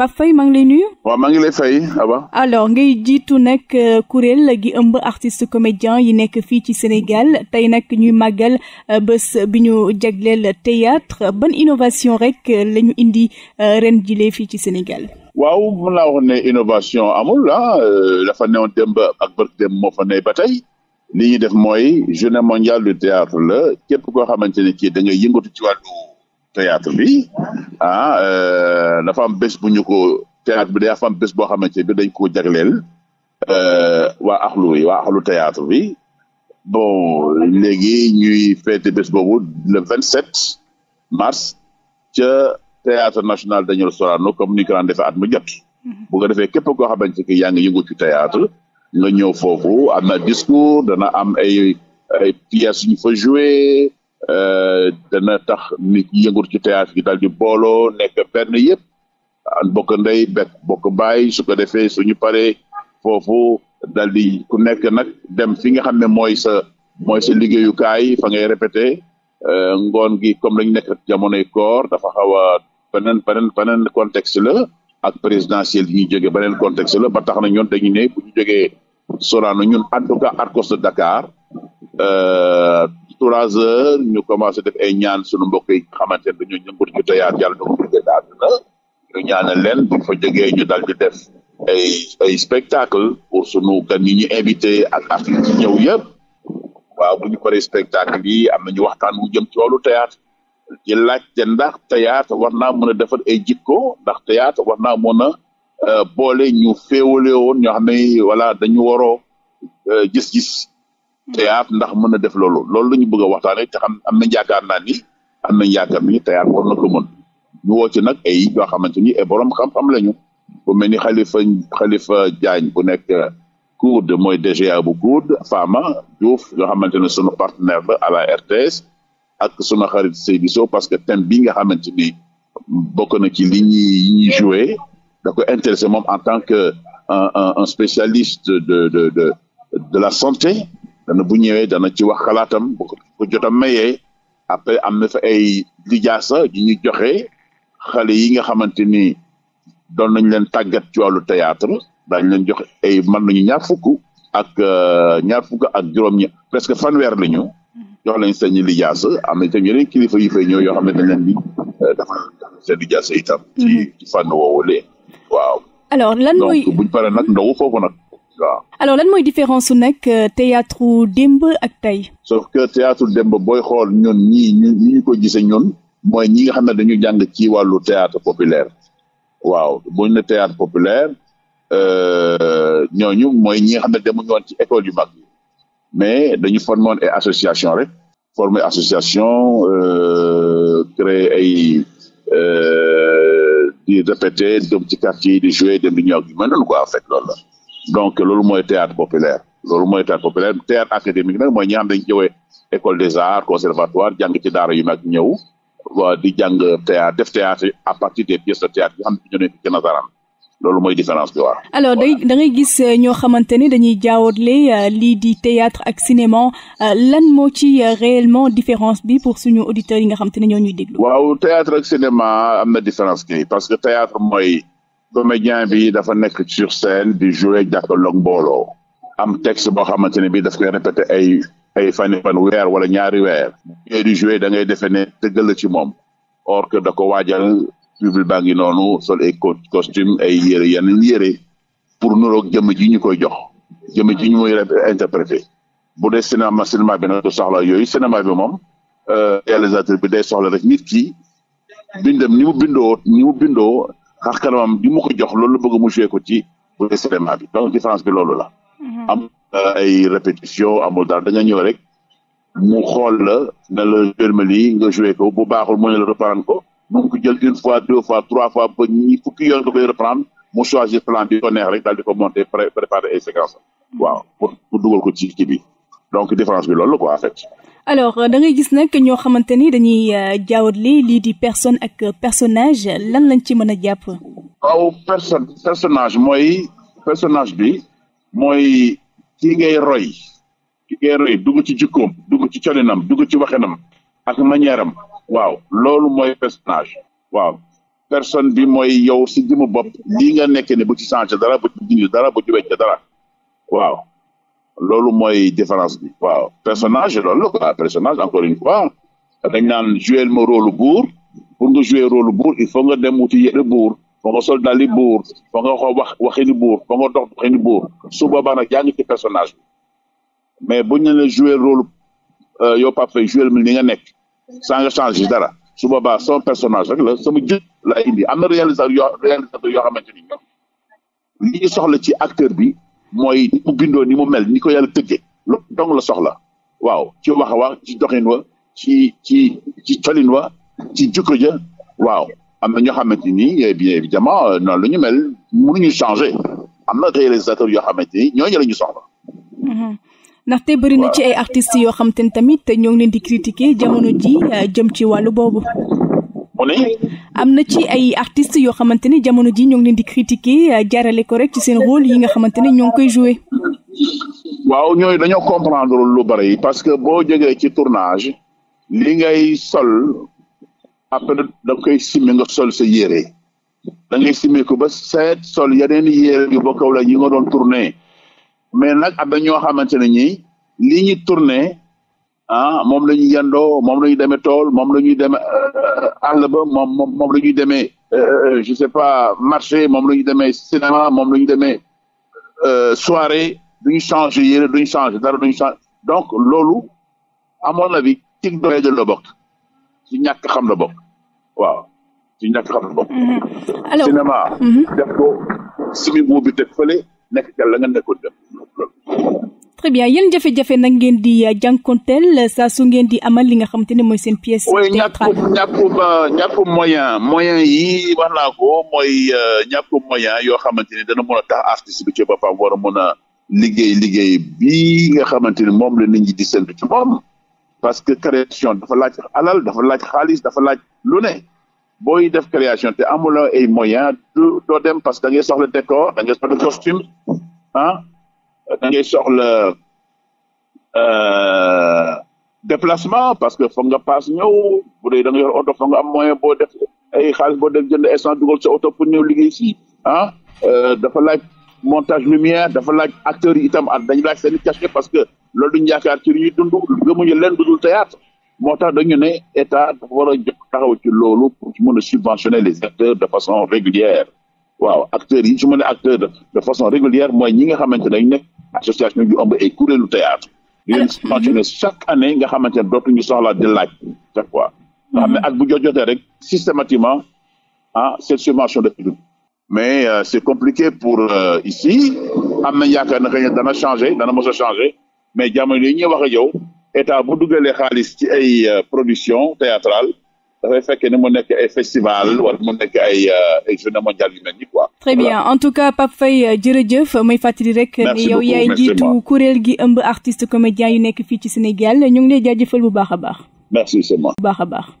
Pape Faye maa ngi lay nuyu. waaw maa ngi lay fay Aba. alors ngay jiitu nag euh, kuréel gi ëmb artiste comédien yi nekk fii ci Sénégal tey nag ñuy màggal euh, bés bi ñu jagleel théâtre ban innovation rek euh, la ñu indi ren jilee fii ci Sénégal. waaw mën naa wax ne innovation amul ah dafa newoon démb ak barke démb moo fa ba tey li def mooy journée mondiale du théâtre la képp koo xamante ne kii da ngay yëngatu ci wàllu. théâtre bi ah euh, dafa am bés bu ñu ko théâtre bi dafa am bés boo xamante bi dañ ko jagleel euh, waa axlu yi waa axlu théâtre bi bon léegi ñuy féete bés boobu le vingt sept mars ca théâtre national Daniel Sorano comme ni ñu ko daan defee at mu jot mhm. bu ko defee képp koo xamante ki yaa ngi yëngu ci théâtre nga ñëw foofu am na discours dana am ay ay pièces yu Euh, dana tax nit ñi ci théâtre gi dal di booloo nekk benn yëpp an bokk ndey bekk bokk baay su ko defee suñu paree foofu dal di ku nekk nag dem fi nga xam ne mooy sa mooy sa liggéeyukaay fa ngay répété euh, ngoon gi comme lañu nekk jamonoy koor dafa xaw a beneen beneen beneen la ak présidentiel yi jóge beneen contexte la ba tax na ñoon dañu ne bu ñu jógee Sorano ñun en tout cas Arcos de Dakar euh, trois ñu commencé def ay ñaan suñu mbokk yi xamante ne dañoo yëngatu ci théâtre yàlla na ko bëgg daal na leen di fa jógee ñu dal di def ay ay spectacle pour sunu gan yi ñu invité ak artistes yi ñëw yëpp waaw bu ñu paree spectacle yi am na ñu waxtaan wu jëm ci wàllu théâtre laaj ten ndax théâtre war naa mën a defar ay jikko ndax théâtre war naa mën a euh, boole ñu féewale woon ñoo xam ne voilà dañu waro euh, gis-gis théâtre ndax mën a def loolu loolu la ñu bëgg a waxtaanee te xam am nañ yaakaar ni am nañ yaakaar ni théâtre war na ko mën ñu woo ci nag ay yoo xamante ni ay borom xam-xam lañu bu mel ni Khalifa Khalifa Diagne bu nekk COUD mooy DGA bu COUD Fama Diouf yoo xamante ne sunu partenaire la à RTS ak sunu xarit Seydou parce que thème bi nga xamante ni bokk na ci li ñuy ñuy joué intéressé moom en tant que un un spécialiste de de de de la santé. dana bu ñëwee dana ci wax kalaatam bu ko jotam mayee après am na fa ay lijaasa yu ñu joxe xale yi nga xamante ni doon nañ leen tàggat ci wàllu théâtre daañ leen joxe ay mën ñu ñaar fukk ak euh, ñaar fukk ak juróom ñi presque fanweer la ñu jox leen seen i lijaasa am na itam kilifa yi fay ñëw yoo xam ne dañ leen di dafa seen lijaasa itam ci mhm. ci fànn woowu waaw alors lan mooy donc buñ paree nag ndawu foofu nag waaw. alors lan mooy différence su nekk euh, théâtre démb ak tey. sauf que théâtre démb booy xool ñun ñii ñi ñu ko gisee ñun mooy ñi nga xam ne dañu jàng ci wàllu théâtre populaire waaw bu ñu ne théâtre populaire euh, ñooñu mooy ñi nga xam ne demuñu ci école yu mag mais dañu formé woon ay association rek euh, formé association créé ay di répété dem ci quartier di joué dem di ñëw ak yu mel noonu loolu donc loolu mooy théâtre populaire loolu mooy théâtre populaire théâtre mooy ñi xam dañu école des arts conservatoire jàng ci daara yu mag ñëw di jàng théâtre def théâtre à partir des pièces de théâtre yi xam loolu mooy différence bi waaw. alors day da ngay gis euh, ñoo xamante ne dañuy jaawale euh, lii di théâtre ak cinéma euh, lan moo ci réellement différence bi pour suñu auditeurs yi nga xam te ne ñoo ñuy déglu. waaw théâtre ak cinéma am na différence kii parce que théâtre mooy comédien bi dafa nekk sur scène di jouer jàkkaarloog mbooloo am texte boo xamante ne bii daf koy répété ay ay fani fan weer wala ñaari weer yooyu di jouer da ngay defee ne dëggal la ci moom or que da ko waajal public baa ngi noonu sol ay costume ay yére yenn yére pour nuroog jëmm ji ñu koy jox jëmm ji ñu muy interprété bu dee cinéma cinéma bi nag du soxla yooyu cinéma bi moom euh, réalisateur bi day soxla rek nit ki bindam ni mu bindoo ni bindoo xar kanamam bi mu ko jox loolu la bëgg mu ko ci bu cinéma bi bi loolu la. Mhm. am ay répétition amul daal da nga ñëw rek mu xool la ne la joué ma lii nga joué ko bu baaxul mu ne la reprendre ko mu ko jël une fois deux fois trois fois ba ñi fukki yoon nga koy reprendre mu choisir plan bi ko neex rek daal di ko préparer ay séquences mhm. waaw dugal ko ci kii bi donc différence bi loolu la quoi en fait. alors euh, da ngay gis nag ñoo xamante ni dañuy euh, jaawatli lii di personne ak personnage lan lañ ci mën a jàpp. waaw personne personnage mooy personnage bi mooy ki ngay roy ki dugg ci jikkoom dugg ci colinam dugg ci waxinam ak manière waaw loolu mooy personnage waaw personne bi mooy yow si jëmu bopp lii nga nekk ne bu ci changé dara bu ci dindi dara bu ci dara waaw. loolu mooy différence bi waaw personnage loolu la quoi personnage encore une fois dañ naan jouer ma rôle buur pour nga jouer rôle buur il foog nga dem wuti yëre buur foo nga sol dali buur foo nga xoo wax waxini buur foo nga dox doxini buur su boobaa nag yaa ngi personnage bi mais buñ ne la jouer rôle euh, yow Pape Faye jouer mi li nga nekk sans nga changer dara su boobaa son personnage rek la sama jë la indi am na réalisateur yoo réalisateur xamante ni ñoom li ñu soxla ci acteur bi mooy ni mu bindoo ni mu mel ni ko yàlla tëggee loolu dong la soxla waaw ci wax a wax ci doxin wa ci ci ci colin wa ci jukko ja waaw am na ñoo xamante ni eh bien évidemment euh, noonu la ñu mel mënuñu changer am na réalisateur yoo xamante ni ñooñu la ñu soxla mhm. ndaxte bëri na ci ay artistes yoo xam te ne tamit ñoo ngi leen di critiquer jamono ji euh, jëm ci wàllu boobu am na ci ay artistes yoo xamante ne jamono ji ñoo ngi leen di critiquer euh, jaarale ko rek ci seen rôle yi nga xamante ne ñoo ngi koy jouer. waaw ñooy dañoo comprendre lu bari parce que boo jógee ci tournage li ngay sol après da koy simmi nga sol sa yére da ngay simmi ko ba seet sol yeneen yére yu bokkaw la yi nga doon tourné mais nag am na ñoo xamante ñi li ñu tourné ah moom la ñuy yandoo moom la ñuy demee tool moom la ñuy demee euh, àll ba moom moom moom la ñuy demee euh, je sais pas marché moom la ñuy demee cinéma moom la ñuy demee euh, soirée du ñu changé yére du ñu changé dara du ñu donc loolu à mon avis ci doye de la bokk ci ñàkk xam la bokk waaw ci ñàkk xam la bokk. Mm-hmm. alors cinéma. Mm-hmm. def ko simi boobu teg fële nekk la nga nekkoon dem. très bien yéen jafe-jafe nag ngeen di euh, jànkonteel euh, saa su ngeen di amal li nga xam ne mooy seen pièce théâtrale ñàkkum ñàkkum moyen moyen yi wax naa ko mooy euh, moyen yoo xamante ni dana mën a tax artiste bi ci boppam war a liggéey liggéey bi nga xamante ni moom la nit ñi di séntu ci moom parce que création dafa laaj alal dafa laaj xaalis dafa laaj lu ne booy def création te amuloo ay moyen doo dem parce que da soxla décor da ngay soxla costume ah. da ngay soxla euh, déplacement parce que foog nga paas ñëw bu dee da nga yor oto foog am moyen boo def ay xaalis boo def jënd essence dugal sa oto pour ñëw liggéey si ah euh, dafa laaj montage lumière dafa laaj acteurs yi itam at dañ laaj seen cachet parce que loolu duñ yaakaar ci li ñuy dund gëmuñu leen dudul théâtre moo tax dañu ne état dafa war a ci loolu pour mën a subventionner les acteurs de façon régulière waaw acteurs yi su ma ne acteurs de façon régulière mooy ñi nga xamante ne dañu association yu ëmb ay kuréelu théâtre di leen mm-hmm. subventionné chaque année nga xamante ne dootuñu soxla di laaj chaque fois nga xam ne mm-hmm. at bu jojotee rek systématiquement ah cette subvention de mais euh, c'est compliqué pour euh, ici am nañ yaakaar ne xëy na dana changé dana mos a mais jamono yi ñuy wax ak yow état bu dugalee xaalis ci ay euh, production théâtrale dafay fekkee ne mu nekk ay festival wala mu nekk ay euh, ay journée mondiale très bien en tout cas Pape fay euh, jërëjëf may fàttali rek ni yow yaay njiitu kuréel gi ëmb artiste comédien yu nekk fii ci Sénégal ñu ngi lay jaajëfal bu baax a baax merci bu baax a baax